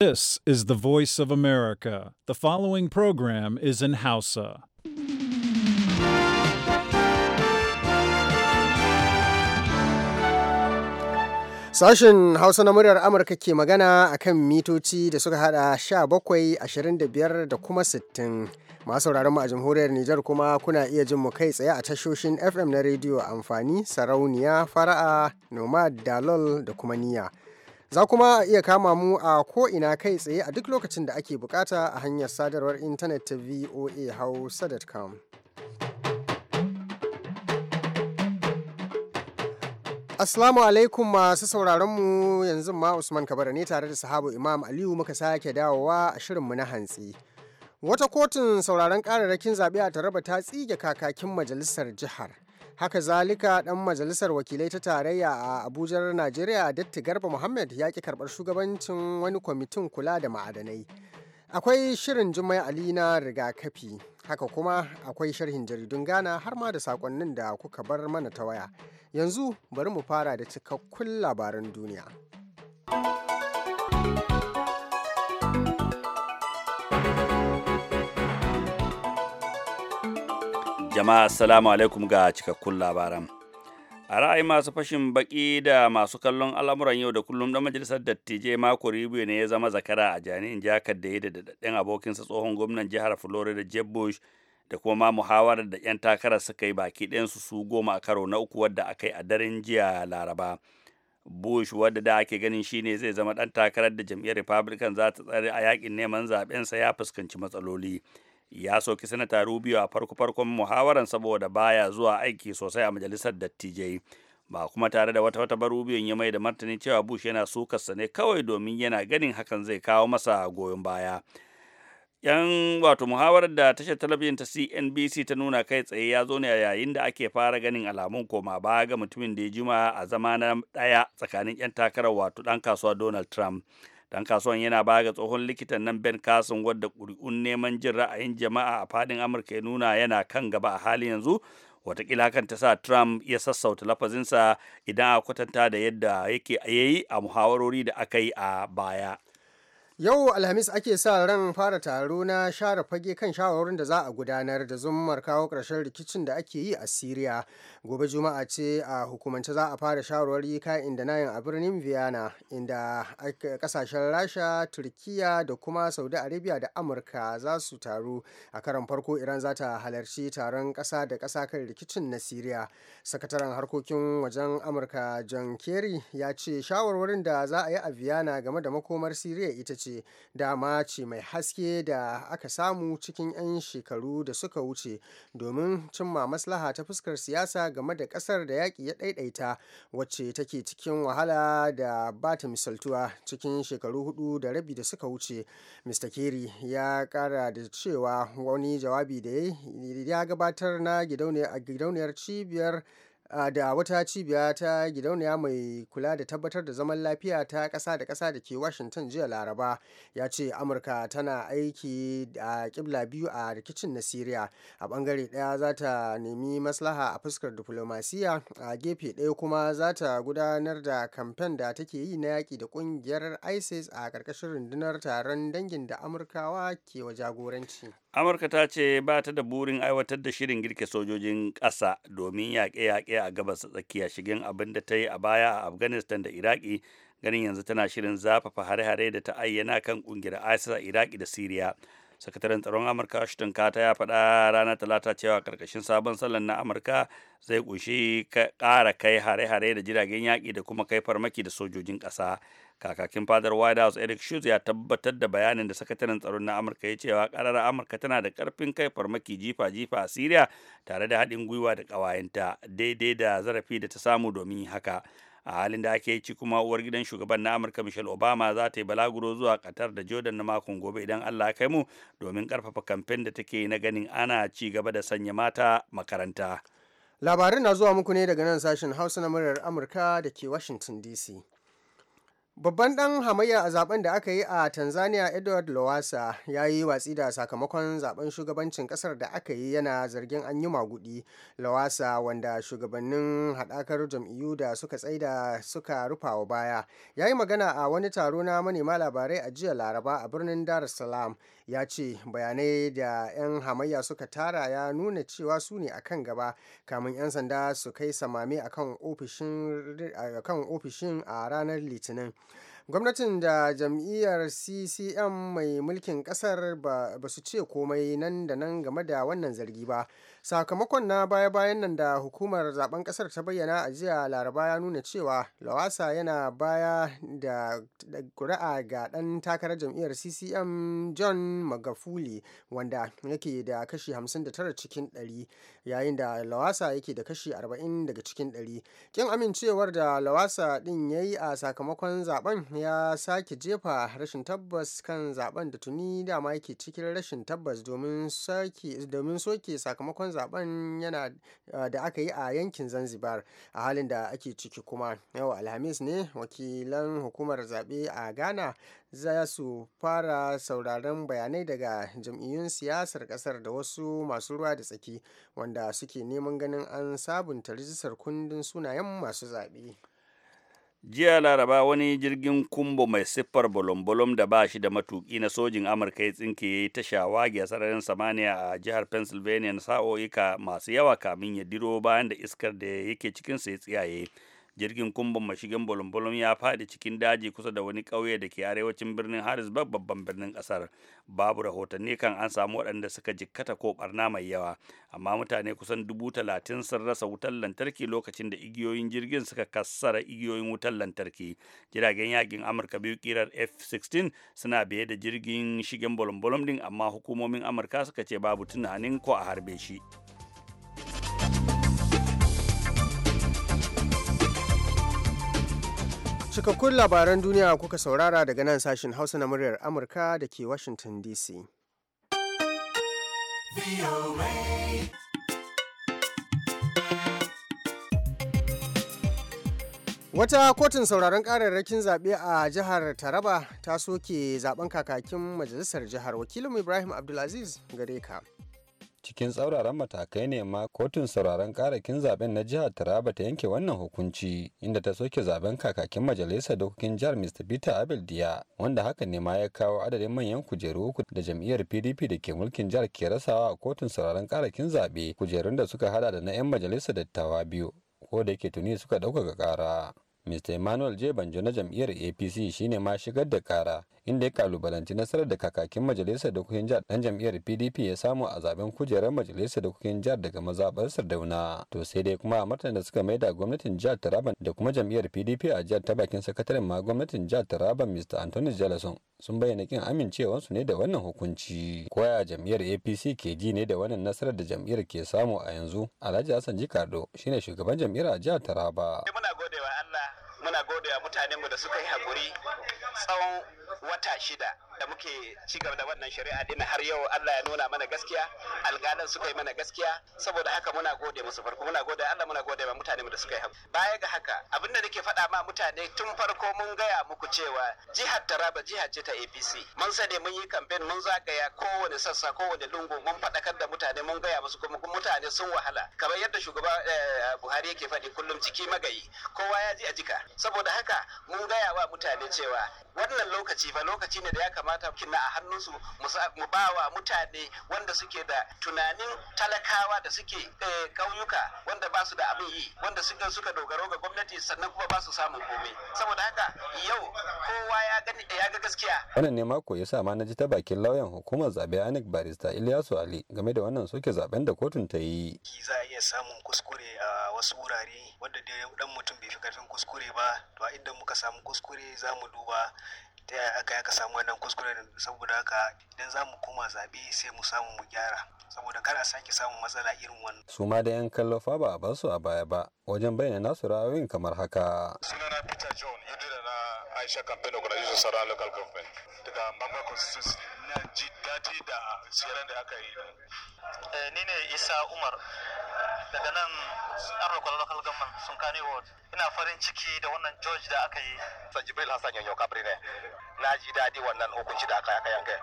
This is the voice of America. The following program is in Hausa. Sashen Hausa na muryar Amurka ke magana a kan mitoci da suka sha 17, ashirin da kuma 60. Masu sauraron mu a jamhuriyar Nijar kuma kuna iya jin mu kai tsaye a tashoshin FM na rediyo amfani, sarauniya, fara'a, nomad, dalol da kuma niyya. Za kuma a iya kama mu a ko'ina kai tsaye a duk lokacin da ake bukata a hanyar sadarwar intanet ta voahausa.com. Asalamu alaikum masu sauraron mu yanzu ma Usman Kabara ne tare da sahabu Imam Aliyu muka sake dawowa a shirinmu na hantsi. Wata kotun sauraron kararrakin zaɓe a Taraba ta tsige kakakin majalisar jihar. haka zalika dan majalisar wakilai ta tarayya a abujar najeriya datti garba muhammad ya ki karbar shugabancin wani kwamitin kula da ma'adanai akwai shirin jumai ali na rigakafi haka kuma akwai sharhin jaridun ghana har ma da sakonnin da kuka bar mana ta waya yanzu bari mu fara da cikakkun labaran duniya jama'a assalamu alaikum ga cikakkun labaran a ra'ayi masu fashin baki da masu kallon al'amuran yau da kullum dan majalisar dattijai mako ribiyo ne ya zama zakara a jani'in jakar da ya da daɗaɗɗen abokinsa tsohon gwamnan jihar florida jeb bush da kuma ma muhawarar da 'yan takarar suka yi baki ɗayansu su goma a karo na uku wadda aka yi a daren jiya laraba bush wadda da ake ganin shi ne zai zama ɗan takarar da jam'iyyar republican za ta tsare a yakin neman zaɓensa ya fuskanci matsaloli ya soki sanata rubio a farko-farkon muhawaran saboda baya zuwa aiki sosai a majalisar dattijai ba kuma tare da wata wata ba rubio ya mai da martani cewa bush yana sukarsa ne kawai domin yana ganin hakan zai kawo masa goyon baya yan wato muhawarar da tashar talabijin ta cnbc ta nuna kai tsaye ya zo ne a yayin da ake fara ganin alamun koma ba ga mutumin da ya jima a zama na daya tsakanin yan takarar wato dan kasuwa donald trump dan kasuwan yana baya ga tsohon likitan nan ben kasin wadda ƙuri'un neman jin ra'ayin jama'a a fadin amurka ya nuna yana kan gaba a hali yanzu watakila kan ta sa trump ya sassauta lafazinsa idan a kwatanta da yadda yake yayi a muhawarori da aka yi a baya Yau Alhamis ake sa ran fara taro na share fage kan shawarwarin da za a gudanar da zummar kawo karshen rikicin da ake yi a Siriya. Gobe Juma'a ce a hukumance za a fara shawarwari ka da nayin a birnin Vienna inda kasashen Rasha, Turkiya da kuma Saudi Arabia da Amurka za su taru. A karan farko Iran za ta halarci taron ƙasa da ƙasa kan rikicin na Siriya. Sakataren harkokin wajen Amurka John Kerry ya ce shawarwarin da za a yi a Vienna game da makomar Siriya ita ce ce dama ce mai haske da aka samu cikin 'yan shekaru da suka wuce domin cimma maslaha ta fuskar siyasa game da ƙasar da yaƙi ya ɗaiɗaita wacce take cikin wahala da ba ta misaltuwa cikin shekaru hudu da rabi da suka wuce mr keri ya kara da cewa wani jawabi da ya gabatar na gidauniyar cibiyar da wata cibiya ta gidauniya mai kula da tabbatar da zaman lafiya ta ƙasa da ƙasa da ke washington jiya laraba ya ce amurka tana aiki a kibla biyu a rikicin na syria a bangare ɗaya za ta nemi maslaha a fuskar diplomasiya a gefe ɗaya kuma za ta gudanar da kamfen da take yi na yaƙi da ƙungiyar isis a ƙarƙashin rundunar taron dangin da amurkawa ke wa jagoranci amurka ta ce ba ta da burin aiwatar da shirin girke sojojin ƙasa domin yaƙe-yaƙe a gabas tsakiya shigen abin da ta yi a baya a afghanistan da iraki ganin yanzu tana shirin zafafa hare-hare da ta ayyana kan ƙungiyar isis a iraki da siriya sakataren tsaron amurka ashton kata ya faɗa ranar talata cewa karkashin sabon salon na amurka zai kunshi ƙara kai hare-hare da jiragen yaƙi da kuma kai farmaki da sojojin ƙasa kakakin fadar white house eric schultz ya tabbatar da bayanin da sakataren tsaron na amurka ya cewa karar amurka tana da karfin kai farmaki jifa-jifa a syria tare da haɗin gwiwa da ƙawayenta daidai da zarafi da ta samu domin haka a halin da ake ci kuma uwar gidan shugaban na amurka michelle obama za ta yi balaguro zuwa qatar da jordan na makon gobe idan allah ya kai mu domin karfafa kamfen da take na ganin ana ci gaba da sanya mata makaranta labarin na zuwa muku ne daga nan sashen hausa na muryar amurka da ke washington dc Babban ɗan hamayya a zaben da aka yi a Tanzania Edward Lowassa ya yi watsi da sakamakon zaben shugabancin ƙasar da aka yi yana zargin an yi magudi. Lowassa wanda shugabannin haɗakar jam'iyyu da suka tsaida suka rufawa baya. Ya yi magana a wani taro na manema labarai a jiya Laraba a birnin Dar es Salaam ya ce bayanai da 'yan hamayya suka tara ya nuna cewa su ne kan gaba kamun 'yan sanda su kai samame kan ofishin a ranar litinin gwamnatin da jam'iyyar ccm mai mulkin kasar ba su ce komai nan da nan game da wannan zargi ba sakamakon na baya-bayan nan da hukumar zaben kasar ta bayyana a jiya laraba ya nuna cewa lawasa yana baya da kuri'a ga dan takarar jam'iyyar ccm john magafuli wanda yake da kashi 59 cikin 100 yayin da lawasa yake da kashi 40 daga cikin 100 kin amincewar da lawasa din ya yi a sakamakon zaben ya sake jefa rashin tabbas kan zaben da tuni dama yake cikin rashin tabbas domin soke sakamakon sakamakon yana eh, da aka yi a yankin Zanzibar a halin da ake ciki kuma yau Alhamis ne wakilan hukumar zaɓe a Ghana za su fara sauraron bayanai daga jam'iyyun siyasar ƙasar da wasu masu ruwa da tsaki wanda suke neman ganin an sabunta rijistar kundin sunayen masu zaɓe. jiya laraba wani jirgin kumbo mai siffar bolombolom da ba shi da matuki na sojin amurka ya tsinke ya yi ta shawagi a sararin samaniya a jihar pennsylvania na sa'o'ika masu yawa kamin ya diro bayan da iskar da yake cikinsa ya tsiyaye jirgin kumban mashigan bolombolom ya faɗi cikin daji kusa da wani ƙauye da ke arewacin birnin harrisburg babban birnin ƙasar babu rahotanni kan an samu waɗanda suka jikkata ko ɓarna mai yawa amma mutane kusan dubu talatin sun rasa wutar lantarki lokacin da igiyoyin jirgin suka kassara igiyoyin wutar lantarki jiragen yakin amurka biyu kirar f-16 suna biye da jirgin shigen bolombolom din amma hukumomin amurka suka ce babu tunanin ko a harbe shi. Cikakkun labaran duniya kuka saurara daga nan sashen Hausa na muryar Amurka da ke Washington DC. Wata kotun sauraron kararrakin zaɓe a jihar Taraba ta soke zaben kakakin majalisar jihar wakilin Ibrahim Abdulaziz gare ka. cikin tsauraran matakai ne ma kotun sauraron karakin zaben na jihar taraba ta yanke wannan hukunci inda ta soke zaben kakakin majalisar dokokin jihar mr peter abel diya wanda haka ne ma ya kawo adadin manyan kujeru uku da jam'iyyar pdp da ke mulkin jihar ke rasawa a kotun sauraron karakin zaɓe kujerun da suka hada da na 'yan majalisar dattawa biyu ko da yake tuni suka ɗaukaka kara mr emmanuel j banjo na jam'iyyar apc shine ma shigar da kara inda ya kalubalanci nasarar da kakakin majalisar dokokin jihar dan jam'iyyar pdp ya samu a zaben kujerar majalisar dokokin jihar daga mazaɓar dauna to sai dai kuma a da suka maida gwamnatin jihar taraban da kuma jam'iyyar pdp a jihar ta bakin sakataren ma gwamnatin jihar taraban mr anthony jalason sun bayyana kin amincewarsu ne da wannan hukunci koya jam'iyyar apc ke ji ne da wannan nasarar da jam'iyyar ke samu a yanzu alhaji hassan jikardo shine shugaban jam'iyyar a jihar taraba muna mutanenmu da suka yi hakuri tsawon wata shida da muke ci gaba da wannan shari'a din har yau Allah ya nuna mana gaskiya alƙalan suka yi mana gaskiya saboda haka muna gode musu farko muna gode Allah muna gode ma mutane mu da suka yi haka baya ga haka abin da nake faɗa ma mutane tun farko mun gaya muku cewa jihar Taraba jiha ce ta APC mun sani mun yi kamfen mun zagaya kowane sassa kowane lungu mun faɗakar da mutane mun gaya musu kuma mutane sun wahala kamar yadda shugaba eh, Buhari yake faɗi kullum jiki magayi kowa ya ji a jika saboda haka mun gaya wa mutane cewa wannan lokaci lokaci ba lokaci ne da ya kamata kina a hannunsu mu ba wa mutane wanda suke da tunanin talakawa da suke eh, ƙauyuka wanda ba su da abin yi wanda suka suka dogaro ga gwamnati sannan kuma ba su samun komai saboda haka yau kowa ya gani ya ga gaskiya wannan ne mako yasa ma na ji ta bakin lauyan hukumar zabe anik e barista Ilyasu Ali game da wannan soke zaben da kotun ta yi za a iya samun kuskure a wasu wurare wanda dan mutum bai fi karfin kuskure ba to a inda muka samu kuskure za mu duba ta yaya aka yaka samu wannan kuskuren saboda haka idan za mu koma zaɓe sai mu samu mu gyara saboda kar a sake samun matsala irin wannan. su ma da 'yan kallo fa ba a bar su a baya ba wajen bayyana nasu ra'ayoyin kamar haka. sunana peter john yadda na aisha campaign organization sara local government daga mamba constituency na ji daɗi da tseren da aka yi. Eh, ni ne isa umar daga nan an roƙa local government sun kane ward ina farin ciki da wannan george da aka yi sa jibril hassan yanyo kabri ne na ji daɗi wannan hukunci da aka aka yanka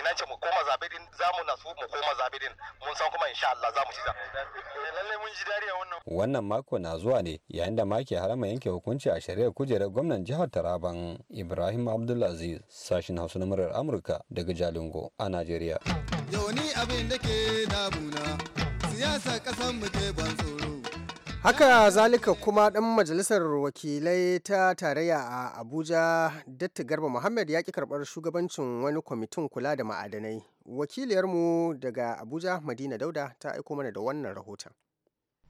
ina ce mu koma zabe din za mu nasu mu koma zabe din mun san kuma insha Allah za mu ci eh, lalle mun ji dariya wannan wannan mako na zuwa ne yayin da make harama yanke hukunci a shari'ar kujerar gwamnan jihar Taraban Ibrahim Abdulaziz sashin Hausa na murar Amurka daga Jalingo a Najeriya yau ni abin da ke damuna siyasa mu ban tsoro. Haka zalika kuma ɗan majalisar wakilai ta tarayya a Abuja Datti Garba Muhammad ya ƙi karɓar shugabancin wani kwamitin kula da ma'adanai. wakiliyar mu daga Abuja Madina Dauda ta aiko mana da wannan rahoton.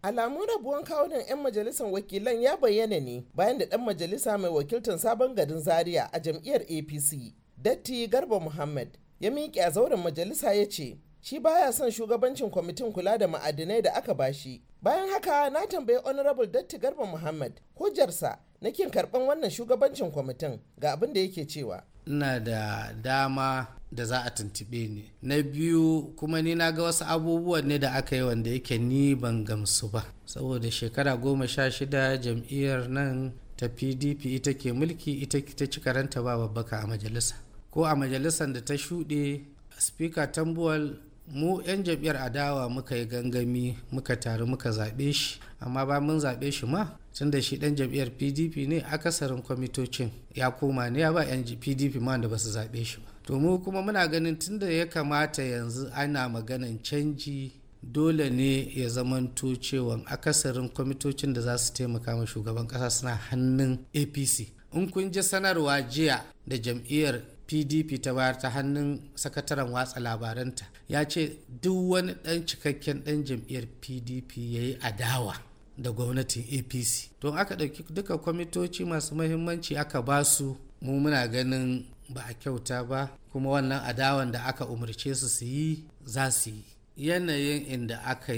alamun rabuwan kawunan 'yan majalisar wakilan ya bayyana ne bayan da ɗan majalisa mai wakiltar sabon garin zaria a jam'iyyar apc datti garba muhammad ya miƙe a zauren majalisa ya ce shi baya son shugabancin kwamitin kula da ma'adinai da aka bashi bayan haka na tambayi honorable datti garba muhammad hujjarsa na kin karban wannan shugabancin kwamitin ga abin da yake cewa ina da dama da za a tuntube ni na biyu kuma ni na ga wasu abubuwan ne da aka yi wanda yake ni ban gamsu ba saboda shekara goma sha shida jam'iyyar nan ta pdp ita ke mulki ita ta ci karanta ba babbaka a majalisa ko a majalisar da ta shuɗe speaker tambuwal mu 'yan jam'iyyar adawa muka yi gangami muka taru muka zaɓe shi amma ba mun zaɓe shi ma tun da shi ɗan jam'iyyar pdp ne akasarin kwamitocin ya koma ne ya ba 'yan pdp ma da ba su zaɓe shi ba to mu kuma muna ganin tun da ya kamata yanzu ana maganan canji dole ne ya zamanto cewa akasarin kwamitocin da za su taimaka ma shugaban ƙasa suna hannun apc in kun ji sanarwa jiya da jam'iyyar pdp ta bayar ta hannun sakataren watsa labaranta ya ce duk wani dan cikakken dan jam'iyyar pdp ya yi adawa da gwamnatin apc don aka ɗauki duka kwamitoci masu mahimmanci aka ba su mu muna ganin ba a kyauta ba kuma wannan adawan da aka umarce su su yi za su yi yanayin inda aka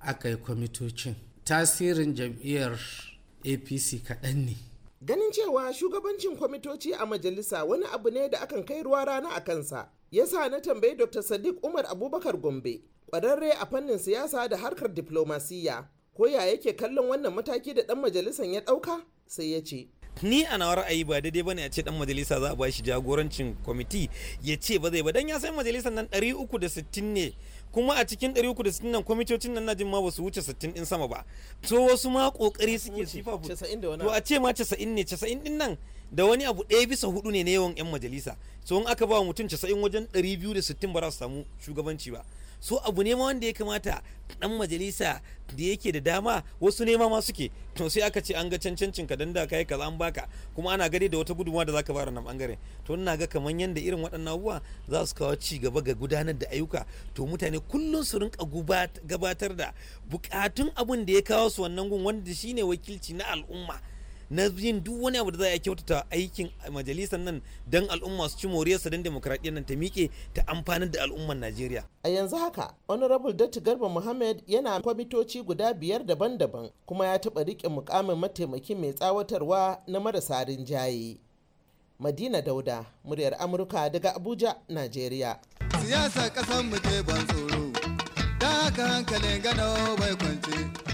aka yi kwamitocin tasirin jam'iyyar apc kaɗan ne ganin cewa shugabancin kwamitoci a majalisa wani abu ne da akan kai ruwa rana a kansa ya sa na tambayi dr sadiq umar abubakar gombe kwararre a fannin siyasa da harkar diplomasiyya ko ya yake kallon wannan mataki da dan majalisan ya dauka sai ya ce ni a nawar ra'ayi ba daidai bane a ce dan majalisa za a bashi jagorancin kwamiti ya ce ba zai ba dan ya san majalisan nan 360 ne kuma a cikin 360 nan kwamitocin nan najin ma ba su wuce 60 din sama ba to wasu ma kokari suke su to a ce ma 90 ne 90 din nan da wani abu ɗaya bisa hudu ne na yawan yan majalisa to in aka ba mutum 90 wajen 260 ba za su samu shugabanci ba so abu ne ma wanda ya kamata dan majalisa da yake da dama wasu nema ma suke to sai aka ce an ga cancancin ka danda kai kaza an baka kuma ana gari da wata gudunmawa da zaka bara nan bangare to ina ga kaman yanda irin waɗannan abubuwa za su kawo ci gaba ga gudanar da ayyuka to mutane kullun su rinka gabatar da bukatun abun da ya kawo su wannan gun wanda shine wakilci na al'umma na yin duk wani abu da za a kyautata aikin majalisar nan don al'umma su ci moriyarsa don demokradiyyar nan ta miƙe ta amfanar da al'ummar Najeriya. A yanzu haka, Honorable Datti Garba Muhammad yana kwamitoci guda biyar daban-daban kuma ya taɓa riƙe mukamin mataimaki mai tsawatarwa na marasa rinjaye. Madina Dauda, muryar Amurka daga Abuja, Najeriya. Siyasa ƙasar mu ke ban tsoro, da haka hankalin gano bai kwance.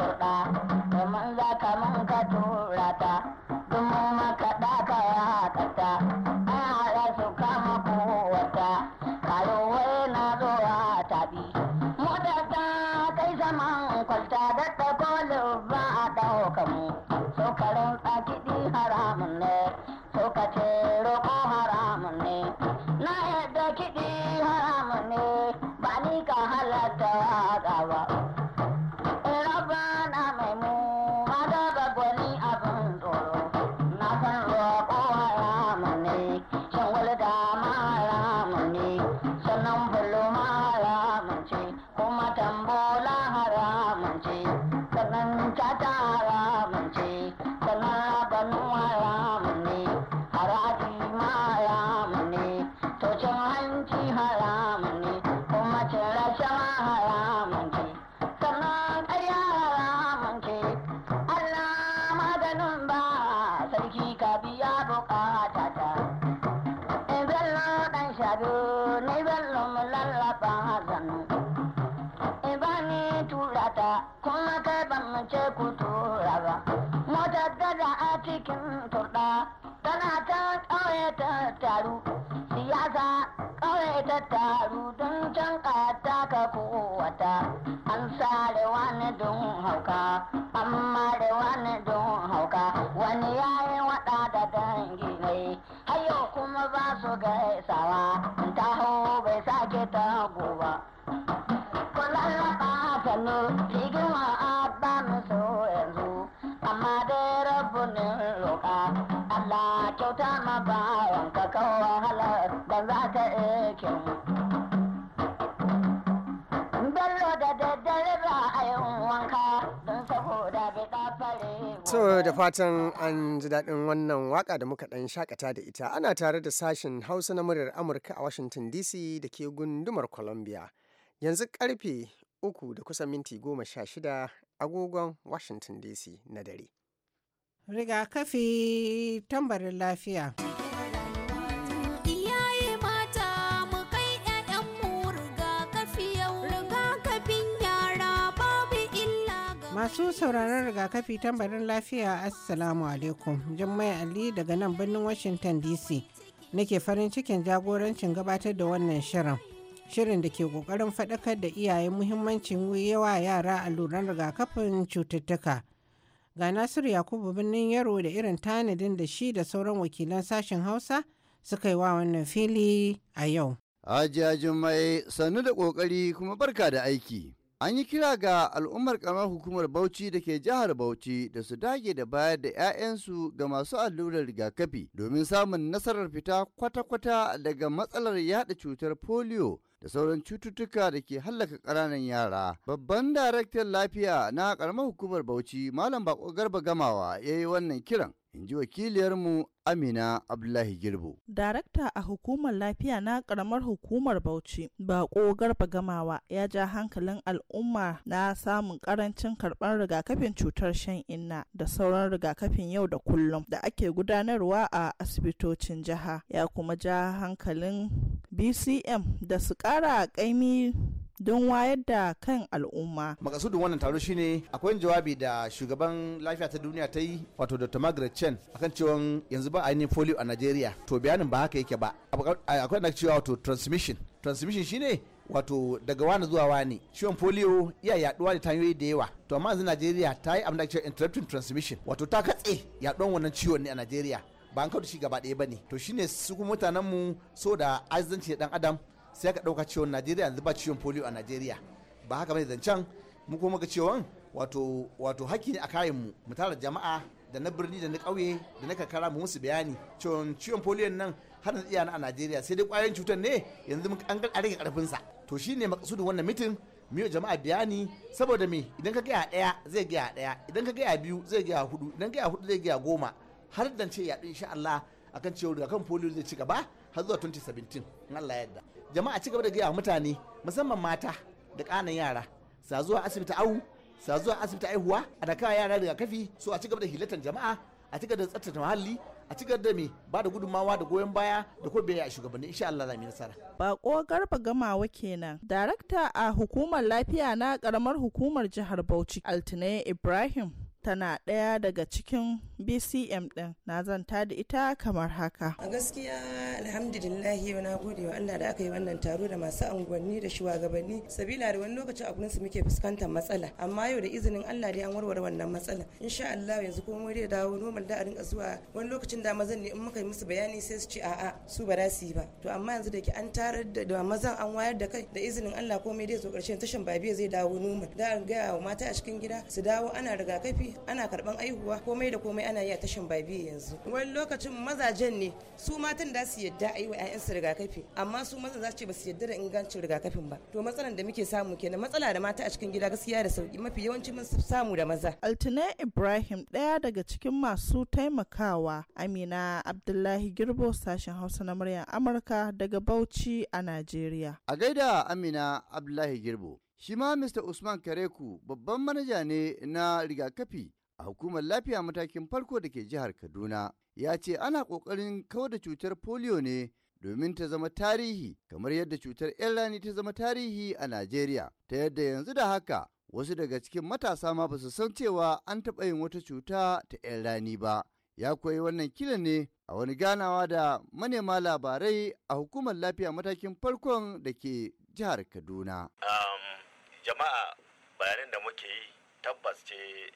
tura ta duma maka daka ya ta ana su kama kowata kayowai na zuwa tabi mota ta kai zaman kwalta kuma kai ban mace ku tura ba motar daga a cikin turɗa tana ta ƙauye ta taru siyasa ƙauye ta taru don can ƙata ka kowata an sare wani don hauka an mare wani don hauka wani ya yi waɗa da dangi mai hayo kuma ba su gaisawa taho bai sake ta goba. da fatan an ji daɗin wannan waka da muka ɗan shakata da ita ana tare da sashen Hausa na muryar Amurka a Washington DC da ke gundumar Columbia. Yanzu karfe uku da kusan minti goma sha shida agogon Washington DC na dare. Rigakafi tambarin lafiya. Masu sauraron rigakafi tambarin lafiya Assalamu alaikum. Jummai Ali daga nan birnin Washington DC. Nake farin cikin jagorancin gabatar da wannan shirin. Shirin da ke kokarin faɗakar da iyaye muhimmancin yawa yara a alluran rigakafin cututtuka. Ga Nasiru Yakubu birnin Yaro da irin tanadin da shi da sauran wakilan sashen Hausa suka yi wa wannan fili a yau. Ajiya Jummai sannu da ƙoƙari kuma barka da aiki. An yi kira ga al'ummar karamar hukumar Bauchi da ke jihar Bauchi da su dage da bayar da 'ya'yansu ga masu allurar rigakafi domin samun nasarar fita kwata-kwata daga matsalar yada cutar polio da sauran cututtuka da ke hallaka ƙananan yara. Babban daraktan lafiya na karamar hukumar Bauchi Malam Bako Garba Gamawa ya yi wannan kiran. in ji wakiliyarmu Amina Abdullahi Girbo. Darakta a hukumar lafiya na karamar hukumar Bauchi, Bako Garba Gamawa ya ja hankalin al'umma na samun karancin karɓar rigakafin cutar shan inna da sauran rigakafin yau da kullum da ake gudanarwa a asibitocin jiha. Ya kuma ja hankalin BCM da su ƙara ƙaimi don wayar da kan al'umma. Makasudin wannan taro shine akwai jawabi da shugaban lafiya ta duniya ta yi wato Dr. Margaret Chen akan cewa yanzu ba ainihin polio a Najeriya. To bayanin ba haka yake ba. Akwai na cewa wato transmission. Transmission shine wato daga wani zuwa wani ciwon polio iya yaduwa da tanyoyi da yawa to amma yanzu Najeriya ta yi abin da cewa interrupting transmission wato ta katse yaduwan wannan ciwon ne a Najeriya ba an kawo shi gaba ɗaya ba ne to shine su kuma mutanen mu so da azanci dan adam sai ka ɗauka ciwon najeriya yanzu ba ciwon polio a najeriya ba haka bane zancen mu kuma ga ciwon wato wato hakki ne a kayan mu mu tara jama'a da na birni da na ƙauye da na karkara mu musu bayani ciwon ciwon polio nan har da iyana a najeriya sai dai ƙwayoyin cutar ne yanzu mun an rage sa to shine makasudin wannan mitin miyo jama'a bayani saboda me idan ka gaya daya zai gaya daya idan ka gaya biyu zai gaya hudu idan ka gaya hudu zai gaya goma har dan ce yaɗu insha Allah akan cewa kan polio zai ci gaba har zuwa 2017 in Allah ya yarda jama'a ci gaba da gaya mutane musamman mata da ƙanan yara sa zuwa asibiti au sa zuwa asibiti aihuwa a da kawai yara daga kafi so a ci gaba da hilatan jama'a a ci gaba da tsaftace muhalli a ci gaba da me ba da gudunmawa da goyon baya da ko a shugabanni insha Allah za mu nasara bako garba gamawa kenan darakta a hukumar lafiya na karamar hukumar jihar Bauchi altinai Ibrahim tana ɗaya daga cikin bcm din na zanta da ita kamar haka a gaskiya alhamdulillahi na gode wa allah da aka yi wannan taro da masu unguwanni da shugabanni sabila da wani lokaci a su muke fuskantar matsala amma yau da izinin allah dai an warware wannan matsala insha allah yanzu komai dai dawo normal da a rinka zuwa wani lokacin da mazan ne in muka yi musu bayani sai su ce a'a su ba za su yi ba to amma yanzu da ke an tarar da mazan an wayar da kai da izinin allah komai dai zo karshen tashin babiya zai dawo normal da gaya wa mata a cikin gida su dawo ana rigakafi ana karban aihuwa komai da komai ana yi a tashin babi yanzu wani lokacin mazajen ne su matan da su yadda a yi wa 'ya'yansu rigakafi amma su maza za su ce ba su yadda da ingancin rigakafin ba to matsalar da muke samu kenan matsala da mata a cikin gida gaskiya da sauki mafi yawanci mun samu da maza altina ibrahim ɗaya daga cikin masu taimakawa amina abdullahi girbo sashen hausa na muryar amurka daga bauchi a najeriya a gaida amina abdullahi girbo shima ma mr usman kareku babban manaja ne na rigakafi a hukumar lafiya matakin farko da ke jihar Kaduna ya ce ana ƙoƙarin kawar da cutar polio ne domin ta zama tarihi kamar yadda cutar ‘yan rani ta zama tarihi a Najeriya ta yadda yanzu da haka wasu daga cikin matasa ma ba su san cewa an taɓa yin wata cuta ta ‘yan rani ba. Ya koyi wannan kilan ne a wani ganawa da manema labarai a hukumar lafiya matakin farkon da ke jihar Kaduna. Um, jama'a bayanin da muke yi tabbas ce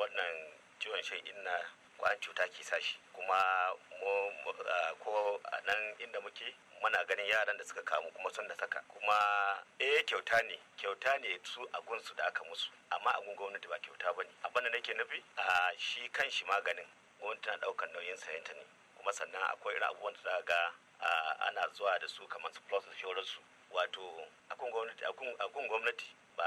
wannan ciwon shan inna kwayan cuta ke sashi kuma ko a nan inda muke mana ganin yaran da suka kamu kuma sun da saka kuma eh kyauta ne kyauta ne su a gunsu da aka musu amma a gwamnati ba kyauta bane abin da nake nufi a shi kan shi maganin gwamnati tana daukar nauyin sayanta ne kuma sannan akwai irin abubuwan da ga ana zuwa da su kamar su plus da shauransu wato akun gwamnati ba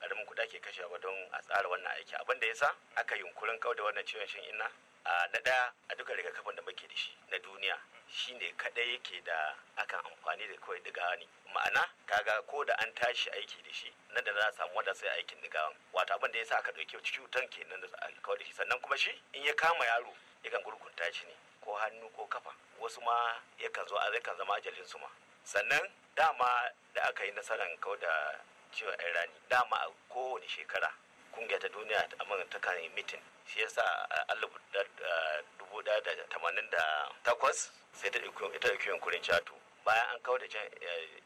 karamin kuɗa ke kashe ba don a tsara wannan aiki abin da yasa aka yunkurin da wannan ciwon shan inna a na ɗaya a duka rigakafin da muke da shi na duniya shine kaɗai yake da akan amfani da kawai digawa ne ma'ana kaga ko da an tashi aiki da shi nan da za a samu wanda sai aikin digawan wato abin da yasa aka cutar cutan kenan da aka kawo da shi sannan kuma shi in ya kama yaro yakan gurgunta shi ne ko hannu ko kafa wasu ma yakan zo a zai zama ajalin su ma sannan dama da aka yi nasarar kawai da Ciwa yan rani dama a kowane shekara kungiya ta duniya ta amurka ta kan mitin shi yasa a dubu da tamanin da takwas sai ta ɗauki yankurin catu bayan an kawo da can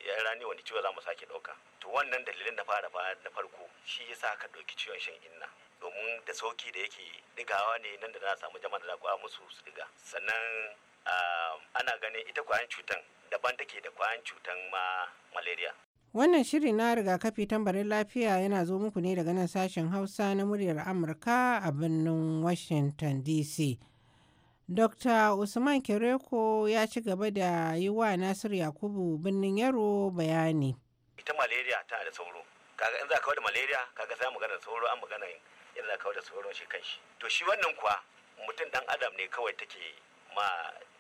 yan rani wani ciwo za mu sake ɗauka to wannan dalilin da fara ba da farko shi yasa ka ɗauki ciwon shan inna domin da sauki da yake digawa ne nan da na samu jama'a da kwa musu su diga sannan ah, ana ganin ita kwayan cutan daban take da kwayan cutan ma malaria Wannan shiri na rigakafi tambarin lafiya yana zo muku ne daga nan sashen Hausa na muryar Amurka a birnin Washington DC. Dr. Usman Kereko ya ci gaba da yi wa Nasiru Yakubu birnin Yaro bayani. Ita malaria ta da sauro. Kaga in za ka da malaria, kaga sai magana da sauro an magana yin za ka da sauro shi kanshi. To shi wannan kuwa mutum dan adam ne kawai take ma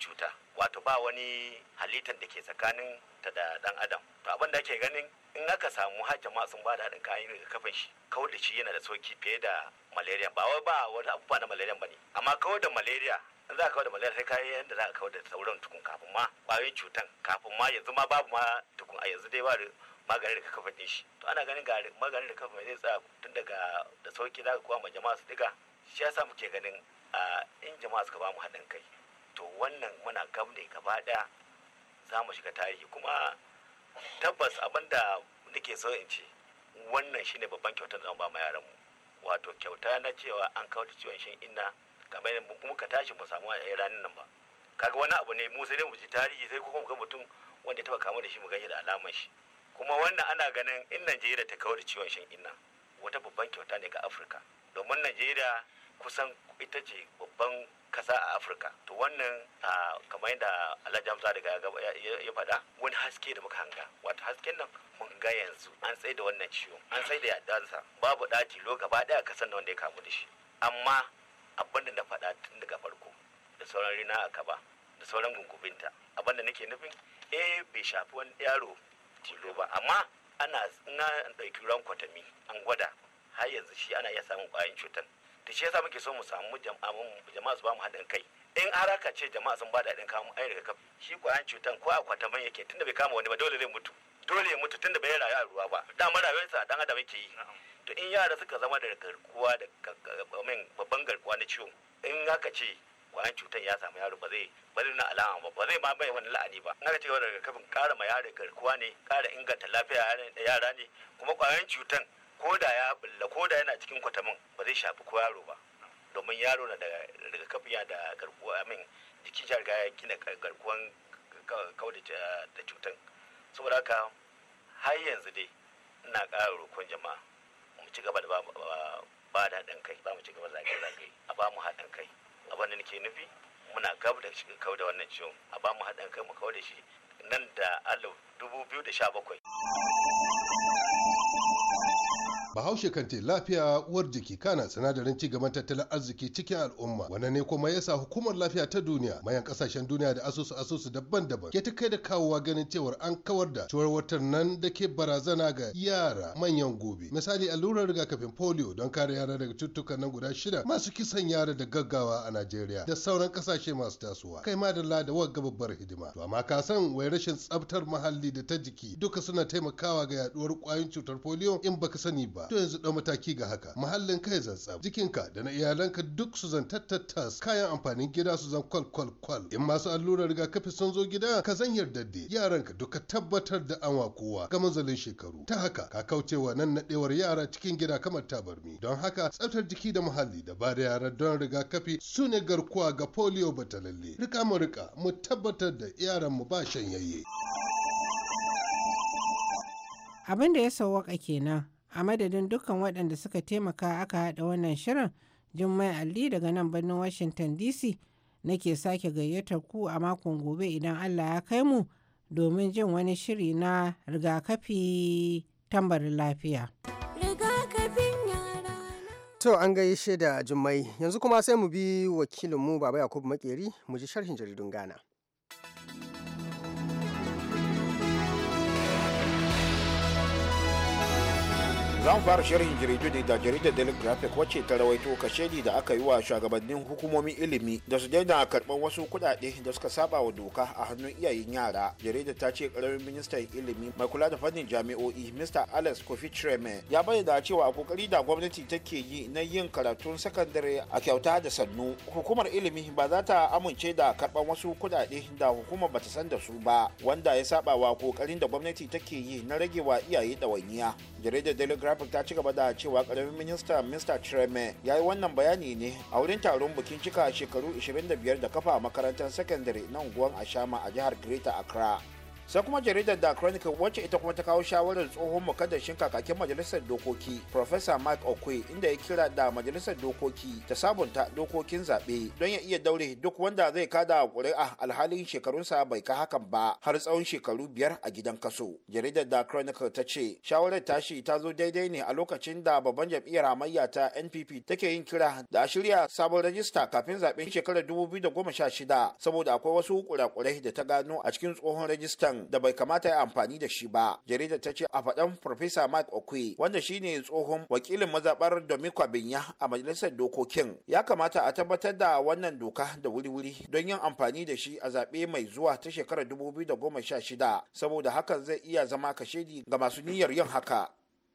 cuta wato ba wani halittar da ke tsakanin ta da dan adam to abin da ake ganin in aka samu har jama'a sun ba da haɗin kayan kafin shi kawo da shi yana da sauki fiye da malaria ba wai ba wani abubuwa na malaria ba ne amma kawo da malaria in za ka kawo da malaria sai kayan yadda za ka kawo da sauran tukun kafin ma ƙwayoyin cutan kafin ma yanzu ma babu ma tukun a yanzu dai ba maganin da kafin ɗin shi to ana ganin ga maganin kafin zai tsaya tun daga da sauki za ka kowa ma jama'a su diga shi yasa muke ganin in jama'a suka ba mu haɗin kai to wannan muna ne gaba daya za mu shiga tarihi kuma tabbas abinda nake so in ce wannan shine babban kyautar da ba ma yaran mu wato kyauta na cewa an kawo ciwon shin inna kamar yadda kuma ka tashi mu samu a ranar nan ba kaga wani abu ne mu sai dai mu ji tarihi sai kuma mu ga mutum wanda ya taba kama da shi mu gani da alaman shi kuma wannan ana ganin in Najeriya ta kawo da ciwon shan inna wata babban kyauta ne ga Afirka domin Najeriya kusan ita ce babban kasa a afirka to wannan kamar yadda alhaji hamza daga ya faɗa wani haske da muka hanga wato hasken nan mun ga yanzu an tsaye da wannan ciwo an tsaye da yadda babu daji lo gaba ɗaya kasan nan wanda ya kamu da shi amma abin da na faɗa tun daga farko da sauran rina a kaba da sauran gungubinta abin da nake nufin eh bai shafi wani yaro tilo ba amma ana ɗauki ran kwatami an gwada har yanzu shi ana iya samun ƙwayan cutar da shi yasa muke so mu samu jama'a su ba mu haɗin kai in araka ce jama'a sun ba da haɗin kamun ai daga kafi shi kwayan cutan ko a kwataman yake tunda bai kama wani ba dole zai mutu dole ya mutu tunda bai rayu a ruwa ba dama sa dan adam yake yi to in yara suka zama da garkuwa da min babban garkuwa na ciwo in haka ce kwayan cutan ya samu yaro ba zai ba zai na alama ba ba zai ma bai wani la'ani ba in haka ce daga kafin ƙara ma yaro garkuwa ne ƙara inganta lafiya yara ne kuma kwayan cutan koda da ya bulla ko da yana cikin kwatamin ba zai shafi ko yaro ba domin yaro na daga kafiya da garkuwa amin jikin shi ya gina garkuwan kawai da cutan saboda haka har yanzu dai ina ƙara roƙon jama'a mu ci gaba da ba da haɗin kai ba mu ci gaba zage-zage a ba mu haɗin kai abin da nake nufi muna gab da shi kau da wannan ciwon a ba mu haɗin kai mu kau da shi nan da alif dubu biyu da sha bakwai. Bahaushe kan te lafiya uwar jiki kana sinadarin ci gaban tattalin arziki cikin al'umma. Wannan ne kuma ya sa hukumar lafiya ta duniya mayan kasashen duniya da asusu asusu daban-daban ke ta kai da kawowa ganin cewar an kawar da watan nan da ke barazana ga yara manyan gobe. Misali allurar rigakafin polio don kare yara daga cututtukan nan guda shida masu kisan yara da gaggawa a Najeriya da sauran kasashe masu tasowa. Kai ma da lada wagga babbar hidima. To amma ka san wai rashin tsabtar muhalli da ta jiki duka suna taimakawa ga yaduwar kwayoyin cutar polio in baka sani ba. ba to yanzu ɗau mataki ga haka muhallin kai zantsam jikinka da na iyalanka duk su zan tattattas kayan amfanin gida su zan kwal kwal kwal in masu allurar rigakafi sun zo gida ka zan yarda da yaranka duka tabbatar da an kowa ga manzalin shekaru ta haka ka kaucewa nan naɗewar yara cikin gida kamar tabarmi don haka tsaftar jiki da muhalli da ba da yara don rigakafi su ne garkuwa ga polio batalalle rika mu rika mu tabbatar da yaran mu ba shanyayye abin da ya sauwaka kenan a madadin dukkan waɗanda suka taimaka aka haɗa wannan shirin jummai alli daga nan birnin washington dc nake sake gayyatar ku a makon gobe idan allah ya kai mu domin jin wani shiri na rigakafi tambarin lafiya to an gaishe da jummai yanzu kuma sai mu bi wakilinmu baba yakubu makeri mu ji sharhin jaridun ghana zan fara shirin jaridu ne da jaridar daily graphic wacce ta rawaito kashedi da aka yi wa shugabannin hukumomin ilimi da su daina karban wasu kuɗaɗe da suka saba wa doka a hannun iyayen yara jaridar ta ce ƙaramin ministan ilimi mai kula da fannin jami'o'i mr alex kofi treme ya bayyana cewa a kokari da gwamnati take yi na yin karatun sakandare a kyauta da sannu hukumar ilimi ba za ta amince da karban wasu kuɗaɗe da hukumar bata san da su ba wanda ya saba wa kokarin da gwamnati take yi na rage wa iyaye ɗawainiya jaridar daily traffic ta ci gaba da cewa karamin minista mr treme ya yi wannan bayani ne a wurin taron bikin cika shekaru 25 da kafa makarantar sakandare na unguwan ashama a jihar greater accra sai kuma jaridar da chronicle wacce ita kuma ta kawo shawarar tsohon mukaddashin kakakin majalisar dokoki professor mike okwe inda ya kira da majalisar dokoki ta sabunta dokokin zaɓe don ya iya daure duk wanda zai kada ƙuri'a alhalin shekarunsa bai ka hakan ba har tsawon shekaru biyar a gidan kaso jaridar da chronicle ta ce shawarar tashi ta zo daidai ne a lokacin da babban jam'iyyar hamayya ta npp take yin kira da a shirya sabon rajista kafin zaɓen shekarar shida saboda akwai wasu kurakurai da ta gano a cikin tsohon rajistan da bai kamata ya amfani da shi ba jarida ta ce a faɗan farfesa mike okwe wanda shine tsohon wakilin mazaɓar domiko binya a majalisar dokokin ya kamata a tabbatar da wannan doka da wuri-wuri don yin amfani da shi a zaɓe mai zuwa ta shekarar 2016 saboda hakan zai iya zama kashedi ga masu niyyar yin haka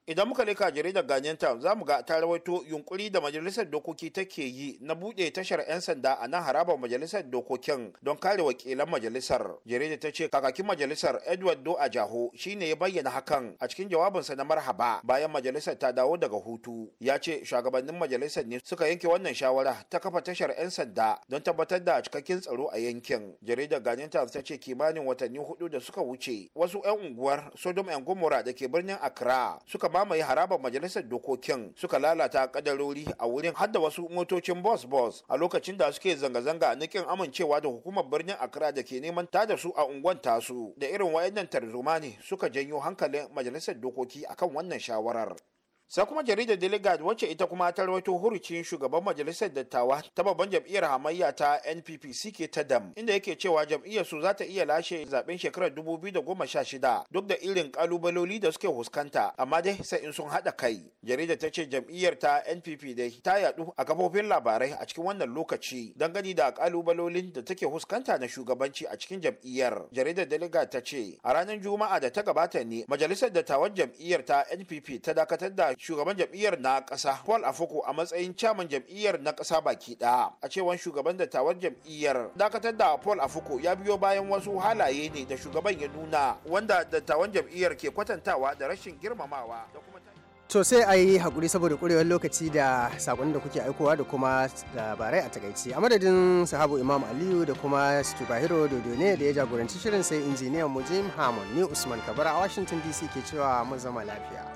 idan muka leka jaridar ganyen ta za ga ta rawaito yunkuri da majalisar dokoki take yi na buɗe tashar 'yan sanda a nan harabar majalisar dokokin don kare wakilan majalisar jaridar ta ce kakakin majalisar edward do ajaho shine ya bayyana hakan a cikin jawabinsa na marhaba bayan majalisar ta dawo daga hutu ya ce shugabannin majalisar ne suka yanke wannan shawara ta kafa tashar 'yan sanda don tabbatar da cikakken tsaro a yankin jaridar ganyen ta ta ce kimanin watanni hudu da suka wuce wasu 'yan unguwar sodom and gomora da ke birnin accra suka mamaye harabar majalisar dokokin suka lalata kadarori a wurin hadda wasu motocin bus bus a lokacin da suke zanga-zanga na kin amincewa da hukumar birnin Accra da ke neman tada su a unguwan tasu da irin wayannan tarzoma ne suka janyo hankalin majalisar dokoki akan wannan shawarar. sai kuma jaridar delegate wacce ita kuma ta rawaito hurucin shugaban majalisar dattawa ta babban jam'iyyar hamayya ta npp ke ta dam inda yake cewa jam'iyyar su za ta iya lashe zaben shekarar 2016 duk da irin kalubaloli da suke huskanta amma dai sai in sun hada kai jaridar ta ce jam'iyyar ta npp dai ta yadu a kafofin labarai a cikin wannan lokaci don gani da kalubalolin da take huskanta na shugabanci a cikin jam'iyyar jaridar delegate ta ce a ranar juma'a da ta gabata ne majalisar dattawan jam'iyyar ta npp ta dakatar da shugaban jam'iyyar na ƙasa Paul Afoko a matsayin caman jam'iyyar na ƙasa baki ɗaya. A cewar shugaban dattawan jam'iyyar dakatar da Paul Afoko ya biyo bayan wasu halaye ne da shugaban ya nuna wanda dattawan jam'iyyar ke kwatantawa da rashin girmamawa To sai a yi haƙuri saboda ƙurewar lokaci da saƙon da kuke aikowa da kuma labarai a takaici. A madadin sahabu Imam Aliyu da kuma Stubahiro Dodone da ya jagoranci shirin sai injiniyan mu Jim ni Usman Kabara a Washington DC ke cewa mu zama lafiya.